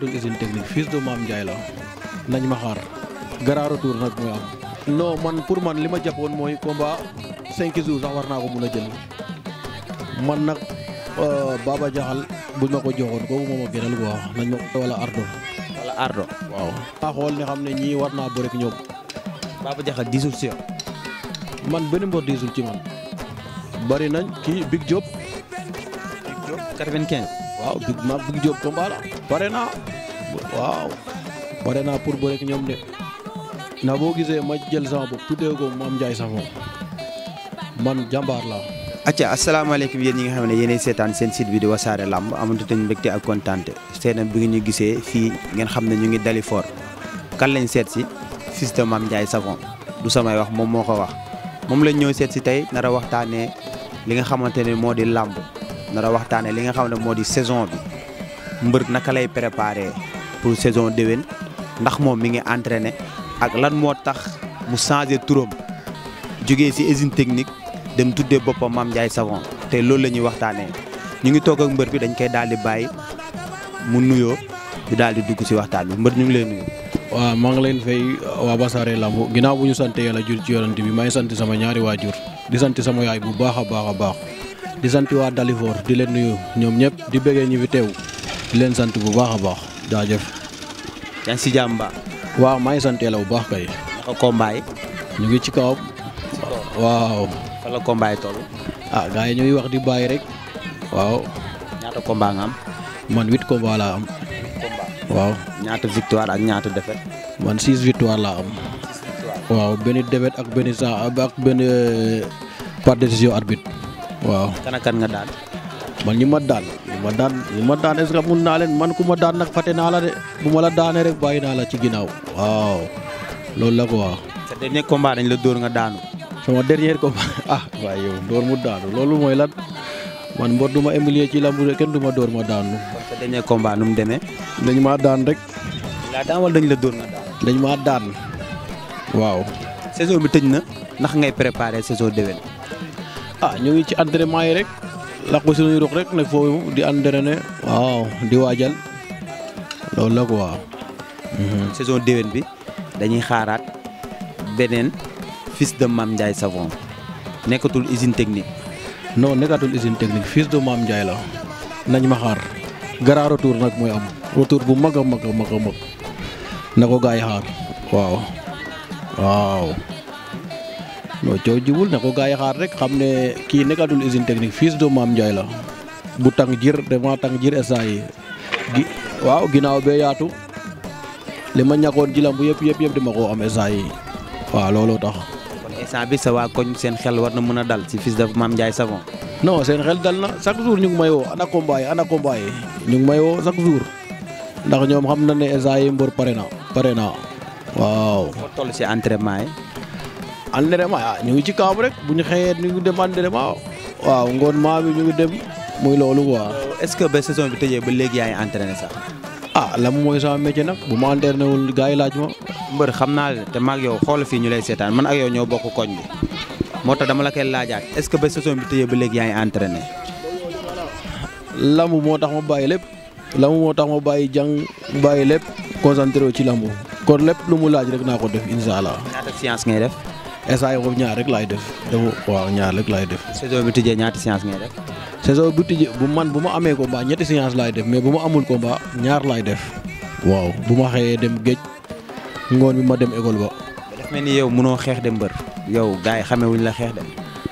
nekkatul usine de Mame Ndiaye nañ ma xaar grand retour man pour man li ma jàppoon mooy combat cinq jours sax war naa ko mun a jël man nag euh, Baba Diakhal bu ma ko joxoon kooku moom a gënal quoi nañ ma ko wala Ardo. wala Ardo xam ne ñii war naa bëri ak ñoom. Baba Diakhal diisul si yow. man benn mbor diisul ci man. bari nañ kii Big Diop. waaw big maam big Diop combat la naa waaw pare naa pour bëre ak ñoom de na boo gisee ma jël sama bopp tuddee ko Mame Ndiaye Savon man jàmbaar laa. acca asalaamaaleykum yéen ñi nga xam ne yéenay seetaan seen site bi di wasaare làmb amatu tañ mbégte ak kontaante seen bi nga ñu gisee fii ngeen xam ne ñu ngi dali fort kan lañ seet si fils de Mame Ndiaye Savon du samay wax moom moo ko wax moom lañ ñëw seet si tey nar a waxtaanee li nga xamante ne moo di làmb. nar waxtaanee li nga xam ne moo di saison bi mbër naka lay préparer pour saison déwén ndax moom mi ngi entraîné ak lan moo tax mu changé turam jógee si usine technique dem tuddee boppam Mame njaay Savon te loolu la ñuy waxtaanee ñu ngi toog ak mbër bi dañ koy daal di bàyyi mu nuyoo ñu daal di dugg si waxtaan bi mbër ñu ngi lay nuyu. waaw maa ngi leen fay waa Wassare Lamb ginnaaw bu ñu sante yàlla jur ci yorante bi may sant sama ñaari waajur di sant sama y bu baax a baax a baax. di sant waa Dalifor di leen nuyu ñoom ñëpp di bëggee ñu fi teew di leen sant bu baax a baax jaajëf. yaa ngi waaw maa ngi sant yàlla bu baax kay. naka ñu ngi ci kawam. waaw. fan la combat yi toll. Ah, wax di bàyyi rek. waaw. ñaata combat nga am. man huit combat laa am. waaw. ñaata victoire ak ñaata défaite. man six victoire laa am. waaw benn défaite ak benn sa euh, par décision arbitre. waaw kan ak kan nga daan. man ñi ma daan ñi ma daan ñi mun naa leen man ku ma daan nag fàtte naa la de bu ma la daanee rek bàyyi naa la ci ginnaaw. waaw loolu la quoi. sa dernier combat dañ la dóor nga daanu. sama dernier combat ah waaye yow dóor mu daanu loolu mooy la man mbor du ma humilier ci lamb kenn du ma dóor ma daanu. kon sa dernier combat nu mu demee. dañ maa daan rek. laa daan wala dañ la dóor nga daan. dañ maa daan waaw. saison bi tëñ na ndax ngay préparer saison déwén. ah ñu ngi ci entraînement yi rek làqu suñuy ruq rek ne foofu di entraîné waaw di waajal loolu la quoi. Mhm. saison déwén bi dañuy xaaraat beneen fils de Mame Ndiaye Savon nekkatul usine technique. non nekkatul usine technique fils de Mame Ndiaye la nañ ma xaar gara retour nag mooy am retour bu mag a mag a mag a mag na ko xaar waaw waaw. noo coow jiwul ne ko gaay yi xaar rek xam ne kii nekkatul usine technique fils de Mame Ndiaye la bu tàng jir vraiment tàng jir instant yi gi waaw ginnaaw bee yaatu li ma ñàkkoon ci bu yëpp yëpp yëpp dama koo am instant yi waaw looloo tax. kon instant bi sa waa koñ seen xel war na mën a dal ci fils de Mame Ndiaye Savon. non seen xel dal na chaque jour ñu ngi may woo ana combat yi ana combat yi ñu ngi woo chaque jour ndax ñoom xam na ne instant yi mbër pare na pare na waaw. moo toll ci entraînement yi. entraînement ah ñu ngi ci kawam rek bu ñu xëyee ñu ngi dem entraînement waaw ngoon maa bi ñu ngi dem muy loolu waa euh, est-ce que ba saison bi tëjee ba léegi yaa ngi entraîné sax. ah lam mooy sama métier nag bu ma entraîné wul gars yi laaj ma. mbër xam naa te maag yow xoolal fii ñu lay seetaan man ak yow ñoo bokk koñ bi moo tax dama la koy laajaat est-ce que ba saison bi tëjee ba léegi yaa ngi entraîné. lamb moo tax ma bàyyi lépp lamb moo tax ma bàyyi jàng bàyyi lépp concentré wu ci lamb kon lépp lu mu laaj rek naa ko def incha allah. ñaata def. essai boobu ñaar rek laay def. waaw ñaar rek laay def. saison bi tijjee ñaati séance ngay def. saison bu tijjee bu man bu ma amee ko combat ñetti séance laay def mais bu ma amul ko combat ñaar laay def. waaw bu ma xëyee dem géej ngoon bi ma dem école ba. daf mel ni yow mënoo xeex dem mbër. yow gars yi xamee wuñ la xeex dem.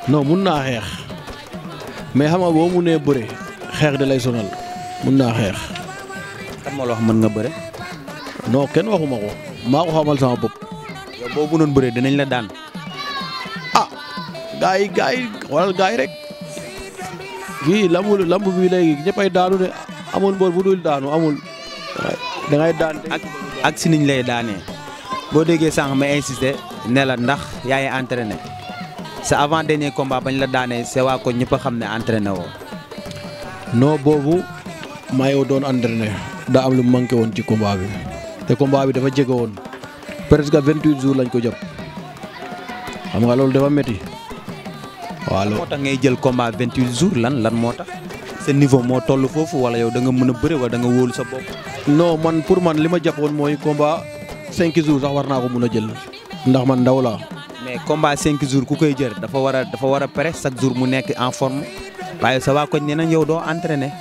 non mun naa xeex mais xam nga boo munee bëre xeex da lay sonal mun naa xeex. kan moo wax mën nga bëre. non kenn waxuma ko maa ko xamal sama bopp. yow boo mënoon bëre la daan. gaa yi gaa yi xoolal rek kii lamb lamb bi léegi ñëppay daanu de amul mboor bu dul daanu amul dangay daan ak ak si niñ lay daanee boo déggee sànq ma insisté ne la ndax yaa ngi entraîné sa avant dernier combat bañ la daane c'est waa ko ñëpp a xam ne entraîné woo non boobu maa ngi doon entraîné daa am lu manqué woon ci combat bi te combat bi dafa jege woon presque vingt huit jours lañ ko jàpp xam nga loolu dafa métti waaw moo tax ngay jël combat 28 jours lan lan moo tax sa niveau moo toll foofu wala yow da nga mën a bëre wala da nga wóolu sa bopp. non man pour man li ma jàppoon mooy combat 5 jours sax war naa ko mën a jël ndax man ndaw laa. mais combat 5 jours ku koy jël dafa war a dafa war a pare chaque jour mu nekk en forme waaye sa waa koñ nee nañ yow doo entraîné.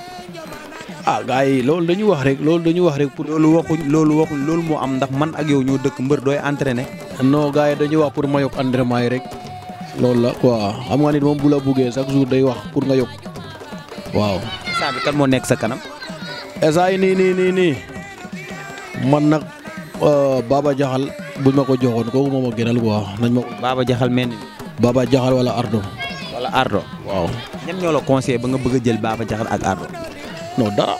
ah gars yi loolu dañuy wax rek loolu dañuy wax rek pour. loolu waxuñ loolu waxuñ loolu moo am ndax man ak yow ñoo dëkk mbër dooy entraîné. non gars yi dañuy wax pour ma yokk entraînement yi rek. loolu la quoi xam nga nit moom bu la buggee chaque jour day wax pour nga yokk waaw. saa kan moo nekk sa kanam. esaay nii nii nii nii man nag euh, Baba Jaxal buñ ma ko joxoon kooku moom a gënal quoi nañ ma ko. Baba Jaxal mel ni. Baba wala Ardo. wala Ardo. waaw. ñoom ñoo la ba nga bëgg a jël Baba Jaxal ak Ardo. non dara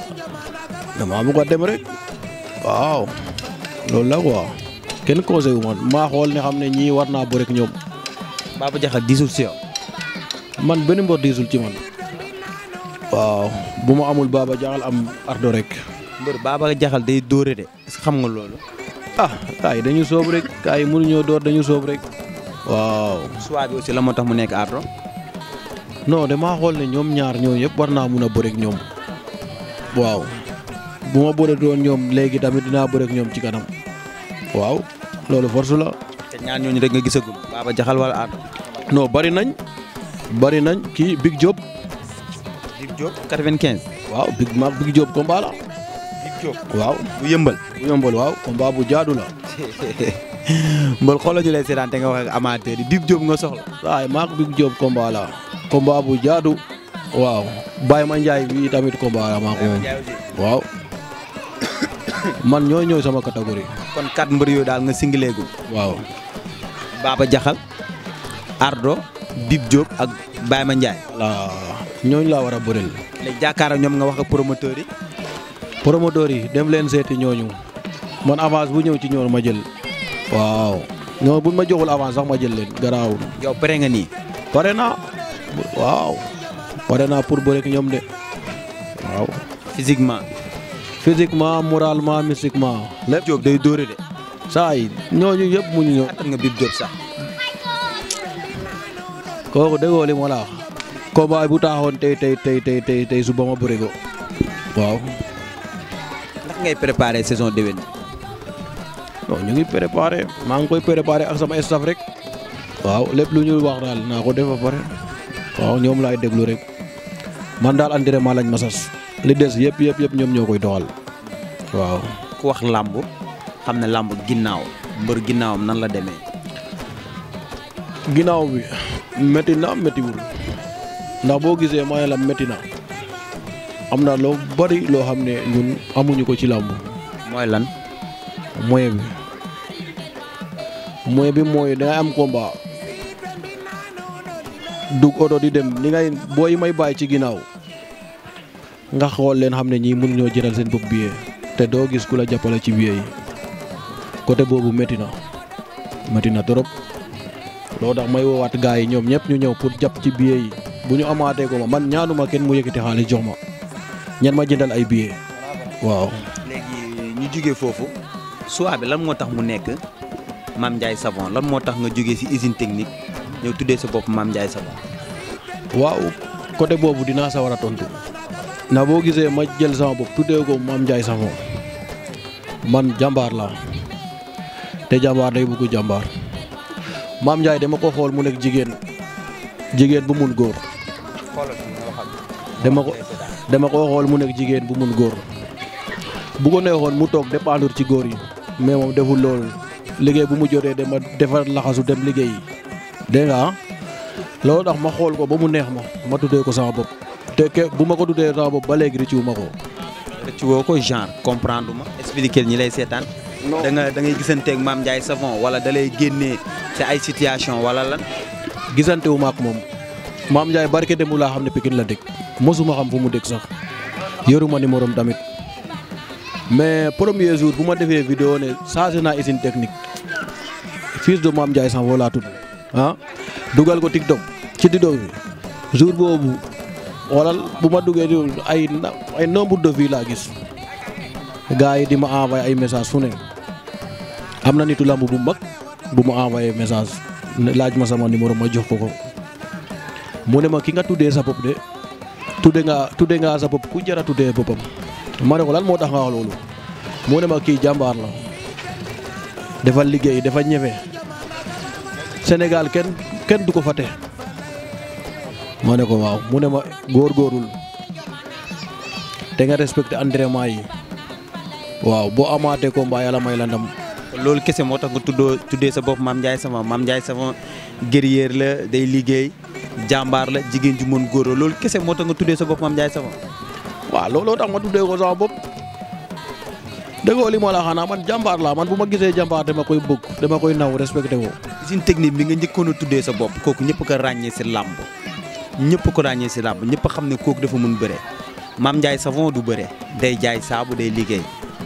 dama bëgg a dem rek. waaw loolu la quoi kenn conseil wu maa xool ne xam ne ñii war naa bëri ak ñoom. Baba Diakhal diisul si yow. man benn mbor diisul ci man. waaw bu ma amul Baba Diakhal am ardo rek. mbër Baba jaxal day dóore de est xam nga loolu. ah kaay dañu soobu rek ay mënuñoo door dañu soob rek. waaw. soit bi aussi la moo tax mu nekk ardo non maa xool ne ñoom ñaar ñoo yëpp war naa mun a bëreeg ñoom. waaw bu ma bëreeg doon ñoom léegi tamit dinaa bëreeg ñoom ci kanam. waaw loolu force la. ñaan ñooñu rek nga gisagul Baba Jaxal wala Aada. non bari nañ bari nañ kii Big Diop. Big waaw Big Big Diop combat waaw bu yëmbal. bu yëmbal waaw combat jaadu la. mbal xoolal ñu lay seetaan nga wax ak amateur yi Big Diop nga soxla. waaye maag Big Diop combat la. jaadu. waaw Baye Ma Ndiaye bi tamit combat la moom waaw. man ñoo ñëw sama catégorie. kon kat mbër yooyu daal nga singileegu. waaw. Baba Jaxal Ardo Bib Diop ak Baye Ma Ndiaye. ñooñu laa war a bëril. léegi jàkkaarloo ñoom nga wax ak promoteurs yi. promoteurs yi dem leen seeti ñooñu man avance bu ñëw ci ñoom ma jël. waaw ñoom buñ ma joxul avance sax ma jël leen garaawul. yow pare nga nii. pare naa waaw. pare naa pour bëreeg ñoom de waaw. physiquement. physiquement moralement mystiquement lépp. Diop day dóore de. saa yi ñooñu yëpp mu ñu ñëw. attan nga Bib Diop sax. kooku déggoo li moo la wax. combat bu taaxoon tey tey tey tey tey tey su ba ma bëri ko waaw. ndax saison déwén. non ñu ngi maa ngi koy préparer ak sama staff rek. waaw lépp lu ñu wax daal ko def ba ñoom laay déglu rek. man daal entraînement lañ ma sas. li des yëpp yëpp yëpp ñoom ñoo koy doxal. waaw xam ne làmb ginnaaw mbër ginnaawam nan la demee. ginnaaw bi métti na méttiwul ndax boo gisee maa la métti na am na loo bari loo xam ne ñun amuñu ko ci làmb. mooy lan. moyen bi moyen bi mooy dangay am combat dug oto di dem ni ngay booy may bàyyi ci ginnaaw nga xool leen xam ne ñii mënuñoo jëral seen bopp billet te doo gis ku la jàppale ci billet yi. côté boobu métti na métti na trop loo tax may woowaat gars yi ñoom ñëpp ñu ñëw pour jàpp ci billet yi bu ñu amaatee ko ma man ñaanuma kenn mu yëkkati xaalis jox ma ñan ma jëndal ay billet waaw. ñu jugee foofu. choix bi lan moo tax mu nekk Mame Ndiaye Savon lan moo tax nga jógee si usine technique ñëw tuddee sa bopp maam Ndiaye Savon. waaw côté boobu dinaa sa war a tontu. ndax boo gisee ma jël sama bopp tuddee ko Mame Ndiaye Savon man jàmbaar la te jàmbaar day bugg jàmbaar maam Ndiaye dama ko xool mu nekk jigéen jigéen bu mun góor. dama ko dama ko xool mu nekk jigéen bu mun góor bu ko neexoon mu toog dépendre ci góor yi mais moom deful loolu liggéey bu mu jotee dama defar laxasu dem liggéey yi dégg nga loolu tax ma xool ko ba mu neex ma ma tuddee ko sama bopp te ke bu ma ko tuddee sama bopp ba léegi rëccu ma ko. ko genre comprendre ma ñi lay seetaan. da nga da ngay gisanteeg Mame Ndiaye Savon wala da génne si ay situation wala lan. gisante wu ma moom Mame Ndiaye barke demu laa xam ne Pikine la dëkk mosuma xam fu mu dëkk sax yoruma ni am tamit mais premier jour bu ma defee vidéo ne changé naa usine technique fils de Mame Ndiaye Savon laa tudd ah, dugal ko TikTok ci TikTok bi jour boobu xoolal bu ma duggee ay ay nombre de vues laa gis gars yi di ma envoyé ay message fu ne. am na nitu làmb bu mag bu mu envoyé message laaj ma sama numéro ma jox ko ko mu ne ma ki nga tuddee sa bopp de tudde nga tudde nga sa bopp ku jara tuddee boppam ma ne ko lan moo tax nga wax loolu mu ne ma kii jàmbaar la defal liggéey dafa ñefe Sénégal kenn kenn du ko fàtte ma ne ko waaw mu ne ma góorgóorlu te nga respecté entraînement yi waaw boo amaatee combat yàlla may la ndam loolu kese moo tax nga tuddoo tuddee sa bopp Mame Ndiaye Savon Mame Ndiaye Savon guerrier la day liggéey jàmbaar la jigéen ju mën góor loolu kese moo tax nga tuddee sa bopp Mame Ndiaye Savon. waaw looloo tax ma tuddee ko bopp dëggoo li moo la xanaa man jàmbaar laa man bu ma gisee jàmbaar dama koy bëgg dama koy naw respecté ko. usine technique bi nga njëkkoon a tuddee sa bopp kooku ñëpp ko ràññee si làmb ñëpp ko ràññee si làmb ñëpp xam ne kooku dafa mun bëre Mame Ndiaye Savon du bëre day jaay saabu day liggéey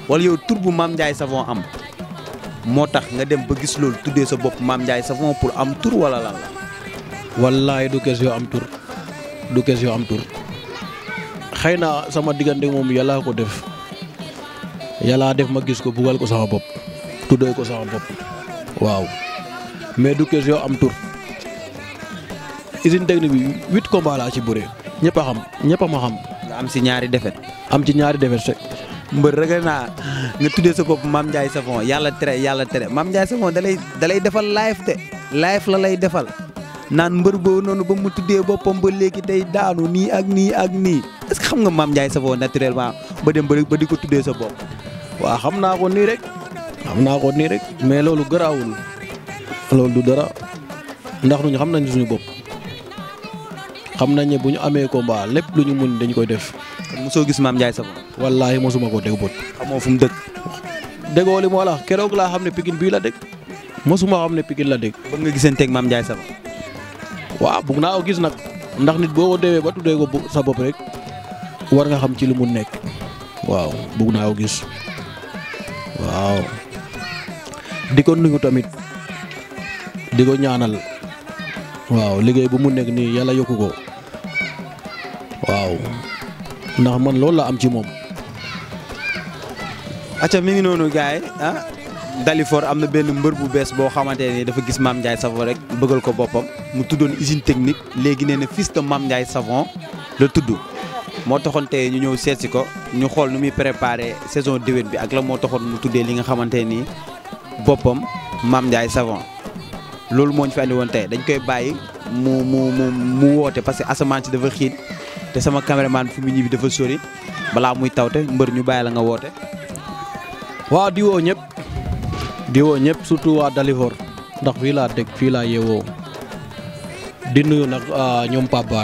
wala yow tur bu Mame Ndiaye Savon am moo tax nga dem ba gis loolu tuddee sa bopp Mame Ndiaye Savon pour am tur wala lan la. wallaay du kees yoo am tur du kees yoo am tur xëy na sama diggante moom yàllaa ko def yàllaa def ma gis ko bugal ko sama bopp tuddee ko sama bopp waaw mais du kees yoo am tur usine technique bi huit combats laa ci bëree ñëpp a xam ñëpp a xam. nga am si ñaari defet am ci ñaari defet mbër ragal naa nga tuddee sa bopp maam Ndiaye Savon yàlla tere yàlla tere Mame Ndiaye Savon dalay dalay defal live te live la lay defal naan mbër boobu noonu ba mu tuddee boppam ba léegi day daanu nii ak nii ak nii est que xam nga Mame Ndiaye Savon naturellement ba dem ba di ko tuddee sa bopp. waa xam naa ko nii rek xam naa ko nii rek mais loolu garaawul loolu du dara ndax ñun xam nañ suñu bopp xam nañ ne bu ñu amee combat lépp lu ñu mun dañu koy def. mosoo gis maam Ndiaye Savon. wallaahi mosuma ko dégg bët. xamoo fu mu dëkk. déggoo li moo la keroog laa xam ne Pikine bii la dëkk mosuma xam ne Pikine la dëkk. bëgg nga gisanteeg maam Ndiaye waaw bëgg naa ko gis nag ndax nit boo ko déwee ba tuddee ko sa bopp rek war nga xam ci li mu nekk. waaw bëgg naa ko gis waaw. di ko nuyu tamit di ko ñaanal. waaw liggéey bu mu nekk nii yàlla yokku ko waaw ndax man loolu la am ci moom. acca mi ngi noonu gars yi ah am na benn mbër bu bees boo xamante ne dafa gis maam Ndiaye Savon rek bëggal ko boppam mu tuddoon usine technique léegi nee na fils de Mame Ndiaye Savon la tudd moo toxoon tey ñu ñëw seetsi ko ñu xool nu muy préparé saison déwén bi ak la moo toxoon mu tuddee li nga xamante nii boppam Mame Ndiaye Savon loolu moo ñu fi andi woon tey dañ koy bàyyi mu mu mu mu woote parce que asamaan si dafa xiit te sama caméraman fi mu ñibbi dafa sori balaa muy tawte mbër ñu bàyyi la nga woote. waa diwoo ñépp diwoo di ñëpp surtout waa Dalifor ndax fii laa teg fii laa yeewoo di nuyu nag ah, ñoom Pape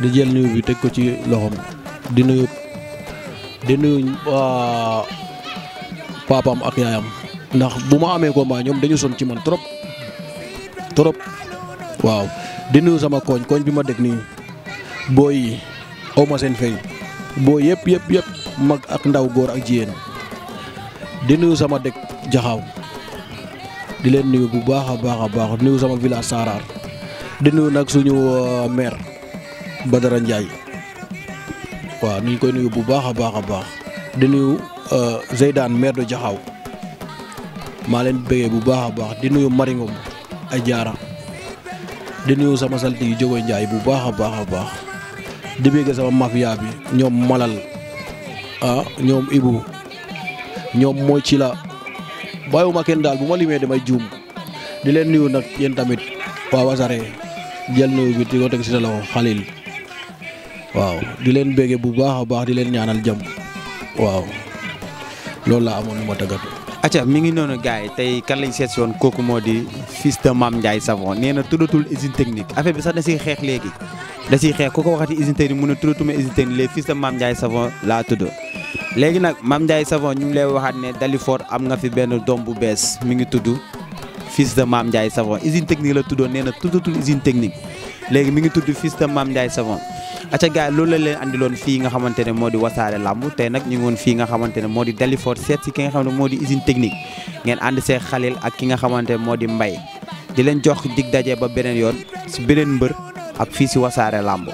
di jël nuyu bi teg ko ci loxom di nuyu di nuyu ah, papaam ak yaayam ndax bu ma amee combat ñoom dañu son ci man trop trop waaw di nuyu sama koñ koñ bi ma dëkk nii. booy yi aw ma seen fay booy yëpp yëpp yëpp mag ak ndaw góor ak jigéen di nuyu sama dëkk jaxaw di leen nuyu bu baax a baax a baax nuyu sama village Saaraar di nuyu nag suñu euh, maire Badara Ndiaye waaw ñu koy nuyu bu baax a baax a baax di nuyu seydaan euh, maire de jaxaw maa leen bëggee bu baax a baax di nuyu Maringom ay jaara di nuyu sama salti yu jóge Njaay bu baax a baax a baax di bëgg sama mafia bi ñoom Malal a ah, ñoom Ibu ñoom moo ci la bàyyiwuma kenn daal bu ma limee damay juum di leen nuyu nag yéen tamit waaw waa Wassare jël nuyu bi di ko teg si sa loxo Xalil waaw di leen béggee bu baax a baax di leen ñaanal jàmm waaw loolu laa amoon lu ma tàggatu. acca mi ngi noonu gars yi tey kan lañ seet si kooku moo di fils maam Mame Ndiaye Savon nee na tuddatul usine technique affaire bi sax na si xeex léegi. da ciy xeex ko ko waxati usine Teni mu ne tuddutuma usine Teni les fils de Mame Ndiaye Savon laa tudd léegi nag Mame Ndiaye Savon ñu ngi lay waxaat ne Dalifort am nga fi benn doom bu bees mi ngi tudd fils de Mame Ndiaye Savon usine technique la tuddoo nee na tuddatul usine technique léegi mi ngi tudd fils de Mame Savon acca gars loolu la leen andiloon fii nga xamante ne moo di wasaare làmb tey nag ñu ngi woon fii nga xamante ne moo di Dalifort seet si ki ne moo di usine technique ngeen ànd see xalil ak ki nga xamante ne moo di mbay di leen jox dig daje ba beneen yoon si beneen mbër ak fii si wasaare lambo